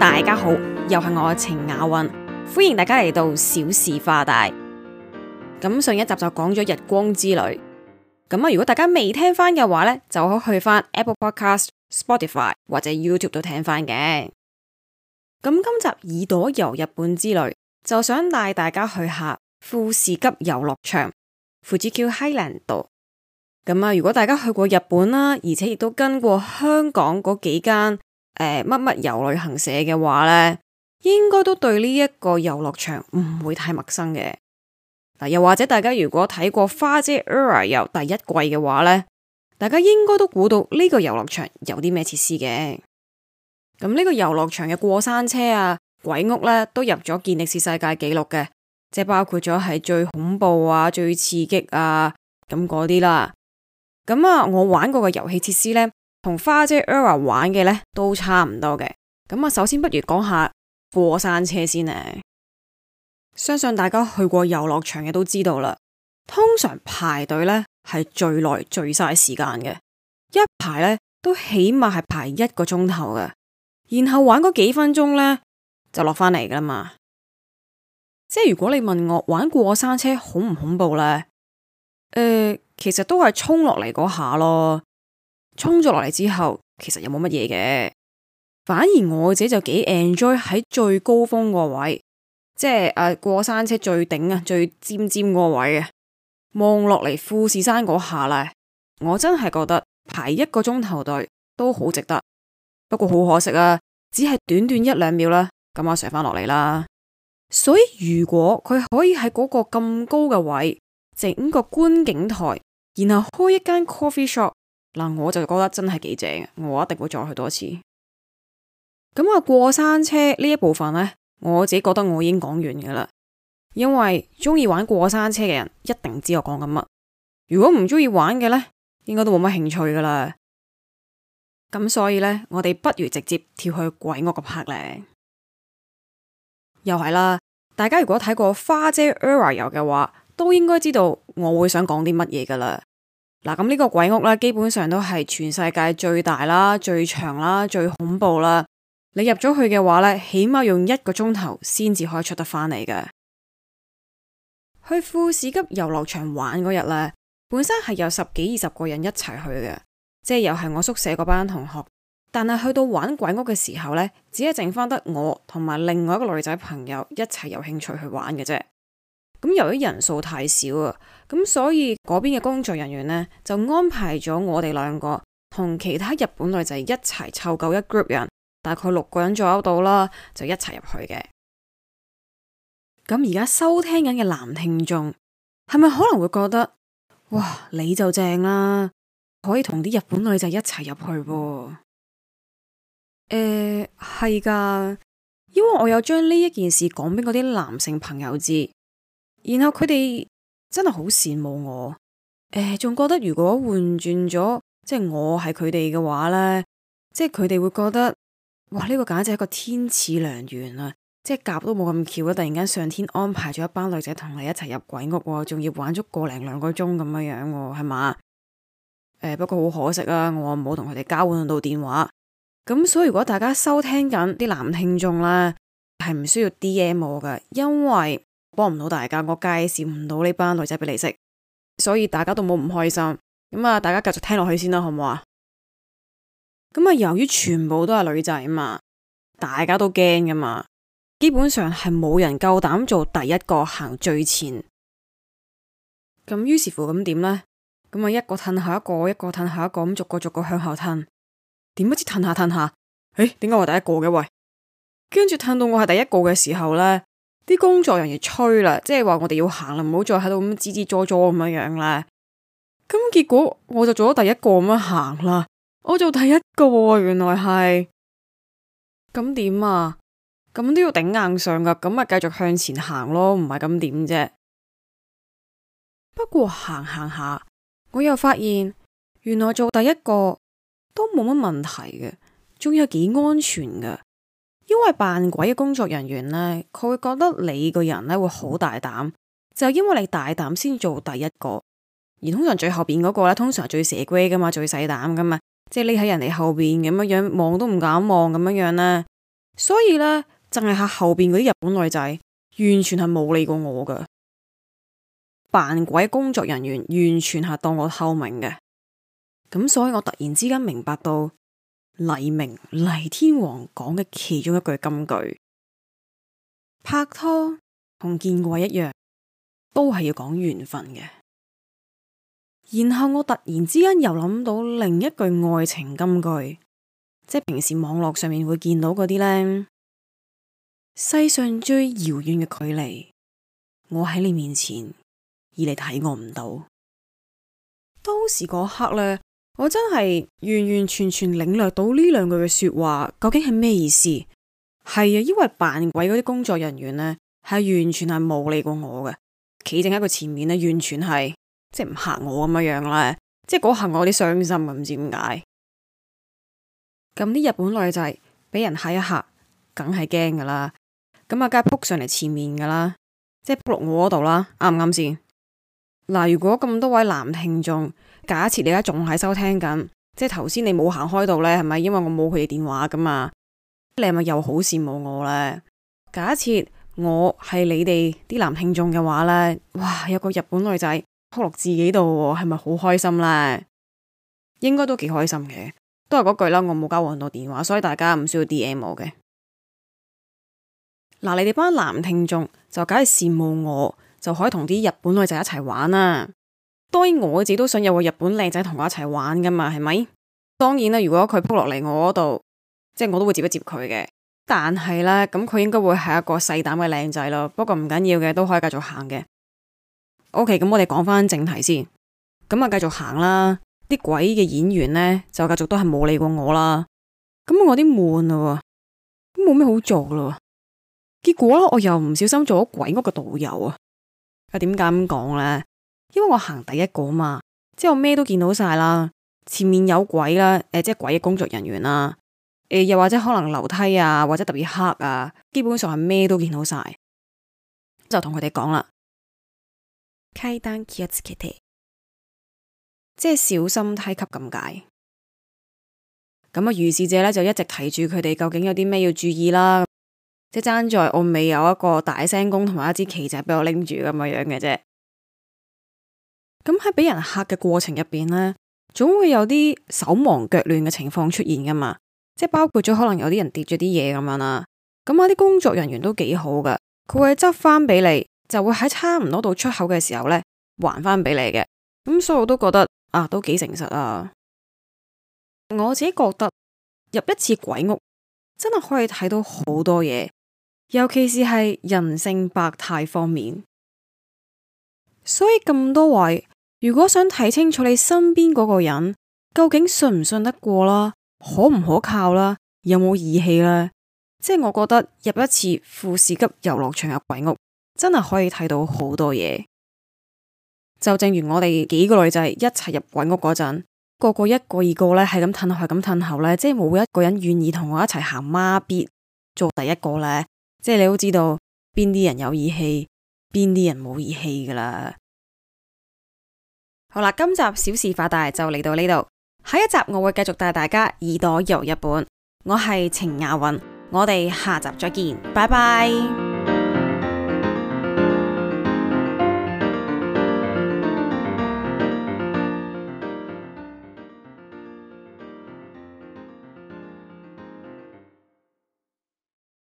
大家好，又係我程雅韻，歡迎大家嚟到小事化大。咁上一集就講咗日光之旅，咁啊如果大家未聽翻嘅話呢，就可去翻 Apple Podcast、Spotify 或者 YouTube 都聽翻嘅。咁今集耳朵遊日本之旅，就想帶大家去下富士急遊樂場，富士 Q Highland 度。咁啊如果大家去過日本啦，而且亦都跟過香港嗰幾間。誒，乜乜遊旅行社嘅話呢，應該都對呢一個遊樂場唔會太陌生嘅。嗱，又或者大家如果睇過花姐 Error 遊第一季嘅話呢，大家應該都估到，呢個遊樂場有啲咩設施嘅。咁呢個遊樂場嘅過山車啊、鬼屋呢，都入咗健力士世界紀錄嘅，即係包括咗係最恐怖啊、最刺激啊咁嗰啲啦。咁啊，我玩過嘅遊戲設施呢。同花姐 Error 玩嘅呢都差唔多嘅，咁啊，首先不如講下過山車先呢，相信大家去過遊樂場嘅都知道啦，通常排隊呢係最耐、最嘥時間嘅，一排呢都起碼係排一個鐘頭嘅，然後玩嗰幾分鐘呢就落返嚟噶啦嘛。即係如果你問我玩過山車恐唔恐怖呢？誒、呃，其實都係衝落嚟嗰下咯。衝咗落嚟之後，其實又冇乜嘢嘅，反而我自己就幾 enjoy 喺最高峰個位，即係誒、啊、過山車最頂啊最尖尖個位啊，望落嚟富士山嗰下呢，我真係覺得排一個鐘頭隊都好值得。不過好可惜啊，只係短短一兩秒啦，咁我上返落嚟啦。所以如果佢可以喺嗰個咁高嘅位，整個觀景台，然後開一間 coffee shop。嗱，我就覺得真係幾正，我一定會再去多次。咁啊，過山車呢一部分呢，我自己覺得我已經講完噶啦，因為中意玩過山車嘅人一定知我講緊乜，如果唔中意玩嘅呢，應該都冇乜興趣噶啦。咁所以呢，我哋不如直接跳去鬼屋嘅 part 咧，又係啦。大家如果睇過花姐 Error 遊嘅話，都應該知道我會想講啲乜嘢噶啦。嗱，咁呢個鬼屋咧，基本上都係全世界最大啦，最長啦、最恐怖啦。你入咗去嘅話咧，起碼用一個鐘頭先至可以出得返嚟嘅。去富士急遊樂場玩嗰日咧，本身係有十幾二十個人一齊去嘅，即係又係我宿舍嗰班同學。但係去到玩鬼屋嘅時候咧，只係剩翻得我同埋另外一個女仔朋友一齊有興趣去玩嘅啫。咁由於人數太少啊，咁所以嗰邊嘅工作人員呢，就安排咗我哋兩個同其他日本女仔一齊湊夠一 group 人，大概六個人左右到啦，就一齊入去嘅。咁而家收聽緊嘅男聽眾係咪可能會覺得，哇！你就正啦，可以同啲日本女仔一齊入去喎？誒、呃，係噶，因為我有將呢一件事講俾嗰啲男性朋友知。然後佢哋真係好羨慕我，誒、哎，仲覺得如果換轉咗，即係我係佢哋嘅話呢，即係佢哋會覺得，哇，呢、這個簡直係一個天賜良緣啊！即係夾都冇咁巧，突然間上天安排咗一班女仔同你一齊入鬼屋，啊，仲要玩足個零兩個鐘咁樣樣，啊，係嘛？誒、哎，不過好可惜啊，我冇同佢哋交換到電話。咁所以如果大家收聽緊啲男聽眾咧，係唔需要 DM 我嘅，因為。幫唔到大家，我介紹唔到呢班女仔俾你識，所以大家都冇唔開心。咁啊，大家繼續聽落去先啦，好唔好啊？咁啊，由於全部都係女仔啊嘛，大家都驚噶嘛，基本上係冇人夠膽做第一個行最前。咁於是乎，咁點呢？咁啊，一個褪下一個，一個褪下一個，咁逐,逐個逐個向後褪。點不知褪下褪下，誒、欸，點解我第一個嘅喂？跟住褪到我係第一個嘅時候呢。啲工作人員催啦，即係話我哋要行啦，唔好再喺度咁支支坐坐咁樣樣啦。咁結果我就做咗第一個咁樣行啦。我做第一個，原來係咁點啊？咁都要頂硬上噶，咁咪繼續向前行咯，唔係咁點啫。不過行行下，我又發現原來做第一個都冇乜問題嘅，仲有幾安全噶。因為扮鬼嘅工作人員呢，佢會覺得你個人咧會好大膽，就因為你大膽先做第一個，而通常最後邊嗰個呢，通常係最蛇龜噶嘛，最細膽噶嘛，即係匿喺人哋後邊咁樣樣，望都唔敢望咁樣樣咧。所以呢，淨係嚇後邊嗰啲日本女仔完全係冇理過我噶，扮鬼工作人員完全係當我透明嘅。咁所以我突然之間明白到，黎明黎天王講嘅其中一句金句：拍拖同見過一樣，都係要講緣分嘅。然後我突然之間又諗到另一句愛情金句，即係平時網絡上面會見到嗰啲呢：「世上最遙遠嘅距離，我喺你面前，而你睇我唔到。」當時嗰刻呢。我真係完完全全領略到呢兩句嘅說話究竟係咩意思？係啊，因為扮鬼嗰啲工作人員呢，係完全係冇理過我嘅，企正喺佢前面呢，完全係即係唔嚇我咁樣樣啦，即係嗰吓我有啲傷心，唔知點解。咁啲日本女仔俾人嚇一嚇，梗係驚噶啦，咁啊梗係撲上嚟前面噶啦，即係撲落我嗰度啦，啱唔啱先？嗱，如果咁多位男聽眾。假設你而家仲喺收聽緊，即係頭先你冇行開到呢，係咪？因為我冇佢哋電話㗎嘛，你係咪又好羨慕我咧？假設我係你哋啲男聽眾嘅話呢，哇，有個日本女仔哭落自己度，係咪好開心呢？應該都幾開心嘅，都係嗰句啦。我冇交往到電話，所以大家唔需要 DM 我嘅。嗱、啊，你哋班男聽眾就梗係羨慕我，就可以同啲日本女仔一齊玩啦、啊。當然我自己都想有個日本靚仔同我一齊玩噶嘛，係咪？當然啦，如果佢撲落嚟，我嗰度，即係我都會接一接佢嘅。但係呢，咁佢應該會係一個細膽嘅靚仔咯。不過唔緊要嘅，都可以繼續行嘅。OK，咁我哋講翻正題先。咁啊，繼續行啦。啲鬼嘅演員呢，就繼續都係冇理過我啦。咁我有啲悶啦，都冇咩好做噶啦。結果咧，我又唔小心做咗鬼屋嘅導遊啊！啊，點解咁講呢？因為我行第一個嘛，即係我咩都見到晒啦，前面有鬼啦，誒、呃，即係鬼嘅工作人員啦，誒、呃，又或者可能樓梯啊，或者特別黑啊，基本上係咩都見到晒，就同佢哋講啦，階段気をつけて，即係小心梯級咁解。咁、嗯、啊，如是者咧就一直提住佢哋究竟有啲咩要注意啦，即係爭在，我未有一個大聲公同埋一支旗仔俾我拎住咁嘅樣嘅啫。咁喺俾人吓嘅過程入邊呢，總會有啲手忙腳亂嘅情況出現噶嘛，即係包括咗可能有啲人跌咗啲嘢咁樣啦。咁啊啲工作人員都幾好噶，佢會執翻俾你，就會喺差唔多到出口嘅時候呢，還翻俾你嘅。咁所以我都覺得啊，都幾誠實啊。我自己覺得入一次鬼屋，真係可以睇到好多嘢，尤其是係人性百態方面。所以咁多位。如果想睇清楚你身邊嗰個人究竟信唔信得過啦，可唔可靠啦，有冇義氣啦，即係我覺得入一次富士急遊樂場入鬼屋，真係可以睇到好多嘢。就正如我哋幾個女仔一齊入鬼屋嗰陣，個個一個二個呢係咁褪後，係咁褪後咧，即係冇一個人願意同我一齊行孖咇做第一個呢，即係你都知道邊啲人有義氣，邊啲人冇義氣噶啦。好啦，今集小事化大就嚟到呢度，下一集我會繼續帶大家耳朵遊日本。我係程亞雲，我哋下集再見，拜拜。